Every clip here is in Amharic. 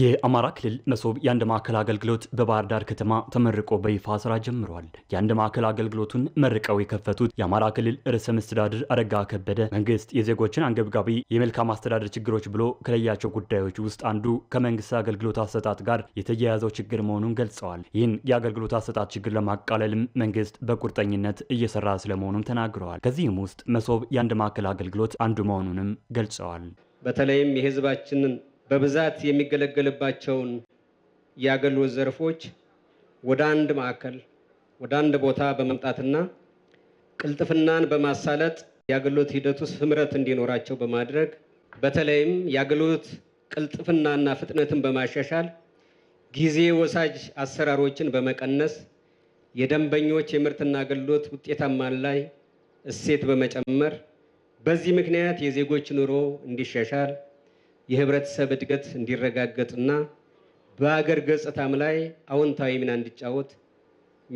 የአማራ ክልል መሶብ የአንድ ማዕከል አገልግሎት በባህር ዳር ከተማ ተመርቆ በይፋ ስራ ጀምሯል። የአንድ ማዕከል አገልግሎቱን መርቀው የከፈቱት የአማራ ክልል ርዕሰ መስተዳድር አረጋ ከበደ መንግስት የዜጎችን አንገብጋቢ የመልካም አስተዳደር ችግሮች ብሎ ከለያቸው ጉዳዮች ውስጥ አንዱ ከመንግስት አገልግሎት አሰጣጥ ጋር የተያያዘው ችግር መሆኑን ገልጸዋል። ይህን የአገልግሎት አሰጣጥ ችግር ለማቃለልም መንግስት በቁርጠኝነት እየሰራ ስለመሆኑም ተናግረዋል። ከዚህም ውስጥ መሶብ የአንድ ማዕከል አገልግሎት አንዱ መሆኑንም ገልጸዋል። በተለይም የህዝባችንን በብዛት የሚገለገልባቸውን የአገልግሎት ዘርፎች ወደ አንድ ማዕከል ወደ አንድ ቦታ በመምጣትና ቅልጥፍናን በማሳለጥ የአገልግሎት ሂደት ስምረት እንዲኖራቸው በማድረግ በተለይም የአገልግሎት ቅልጥፍናና ፍጥነትን በማሻሻል ጊዜ ወሳጅ አሰራሮችን በመቀነስ የደንበኞች የምርትና አገልግሎት ውጤታማን ላይ እሴት በመጨመር በዚህ ምክንያት የዜጎች ኑሮ እንዲሻሻል የህብረተሰብ እድገት እንዲረጋገጥና በሀገር ገጽታም ላይ አዎንታዊ ሚና እንዲጫወት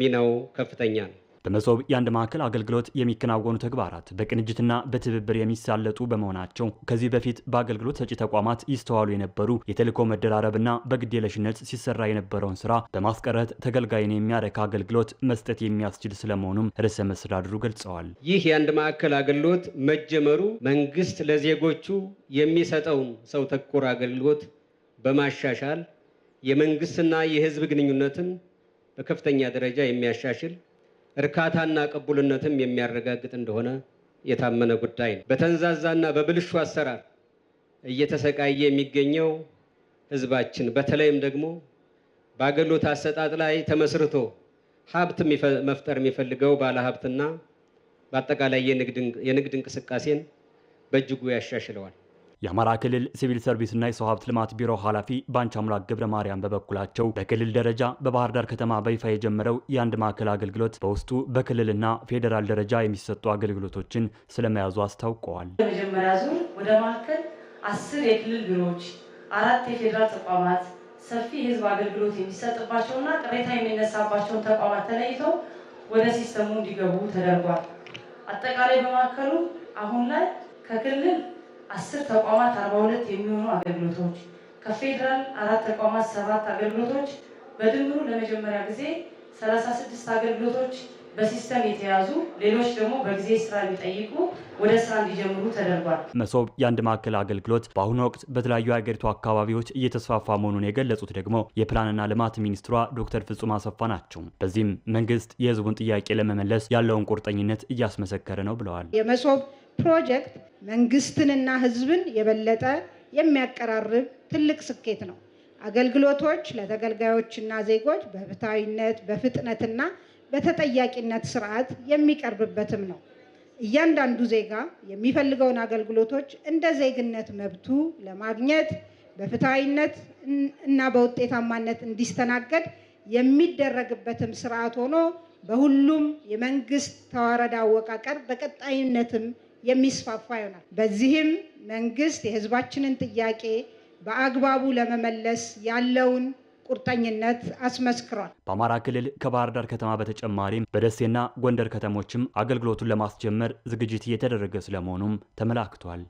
ሚናው ከፍተኛ ነው። በመሶብ የአንድ ማዕከል አገልግሎት የሚከናወኑ ተግባራት በቅንጅትና በትብብር የሚሳለጡ በመሆናቸው ከዚህ በፊት በአገልግሎት ሰጪ ተቋማት ይስተዋሉ የነበሩ የተልእኮ መደራረብና በግዴለሽነት ሲሰራ የነበረውን ስራ በማስቀረት ተገልጋይን የሚያረካ አገልግሎት መስጠት የሚያስችል ስለመሆኑም ርዕሰ መስተዳድሩ ገልጸዋል። ይህ የአንድ ማዕከል አገልግሎት መጀመሩ መንግስት ለዜጎቹ የሚሰጠውን ሰው ተኮር አገልግሎት በማሻሻል የመንግስትና የህዝብ ግንኙነትን በከፍተኛ ደረጃ የሚያሻሽል እርካታና ቅቡልነትም የሚያረጋግጥ እንደሆነ የታመነ ጉዳይ ነው። በተንዛዛና በብልሹ አሰራር እየተሰቃየ የሚገኘው ህዝባችን በተለይም ደግሞ በአገልግሎት አሰጣጥ ላይ ተመስርቶ ሀብት መፍጠር የሚፈልገው ባለሀብትና በአጠቃላይ የንግድ እንቅስቃሴን በእጅጉ ያሻሽለዋል። የአማራ ክልል ሲቪል ሰርቪስና የሰው ሀብት ልማት ቢሮ ኃላፊ በአንቺ አምላክ ገብረ ማርያም በበኩላቸው በክልል ደረጃ በባህር ዳር ከተማ በይፋ የጀመረው የአንድ ማዕከል አገልግሎት በውስጡ በክልልና ፌዴራል ደረጃ የሚሰጡ አገልግሎቶችን ስለመያዙ አስታውቀዋል። በመጀመሪያ ዙር ወደ ማዕከል አስር የክልል ቢሮዎች፣ አራት የፌዴራል ተቋማት ሰፊ የህዝብ አገልግሎት የሚሰጥባቸውና ቅሬታ የሚነሳባቸውን ተቋማት ተለይተው ወደ ሲስተሙ እንዲገቡ ተደርጓል። አጠቃላይ በማዕከሉ አሁን ላይ ከክልል አስር ተቋማት አርባ ሁለት የሚሆኑ አገልግሎቶች ከፌዴራል አራት ተቋማት ሰባት አገልግሎቶች በድምሩ ለመጀመሪያ ጊዜ ሰላሳ ስድስት አገልግሎቶች በሲስተም የተያዙ ሌሎች ደግሞ በጊዜ ስራ የሚጠይቁ ወደ ስራ እንዲጀምሩ ተደርጓል። መሶብ የአንድ ማዕከል አገልግሎት በአሁኑ ወቅት በተለያዩ የሀገሪቱ አካባቢዎች እየተስፋፋ መሆኑን የገለጹት ደግሞ የፕላንና ልማት ሚኒስትሯ ዶክተር ፍጹም አሰፋ ናቸው። በዚህም መንግስት የህዝቡን ጥያቄ ለመመለስ ያለውን ቁርጠኝነት እያስመሰከረ ነው ብለዋል። የመሶብ ፕሮጀክት መንግስትንና ህዝብን የበለጠ የሚያቀራርብ ትልቅ ስኬት ነው። አገልግሎቶች ለተገልጋዮችና ዜጎች በፍትሐዊነት በፍጥነትና በተጠያቂነት ስርዓት የሚቀርብበትም ነው። እያንዳንዱ ዜጋ የሚፈልገውን አገልግሎቶች እንደ ዜግነት መብቱ ለማግኘት በፍትሐዊነት እና በውጤታማነት እንዲስተናገድ የሚደረግበትም ስርዓት ሆኖ በሁሉም የመንግስት ተዋረዳ አወቃቀር በቀጣይነትም የሚስፋፋ ይሆናል። በዚህም መንግስት የህዝባችንን ጥያቄ በአግባቡ ለመመለስ ያለውን ቁርጠኝነት አስመስክሯል። በአማራ ክልል ከባህር ዳር ከተማ በተጨማሪም በደሴና ጎንደር ከተሞችም አገልግሎቱን ለማስጀመር ዝግጅት እየተደረገ ስለመሆኑም ተመላክቷል።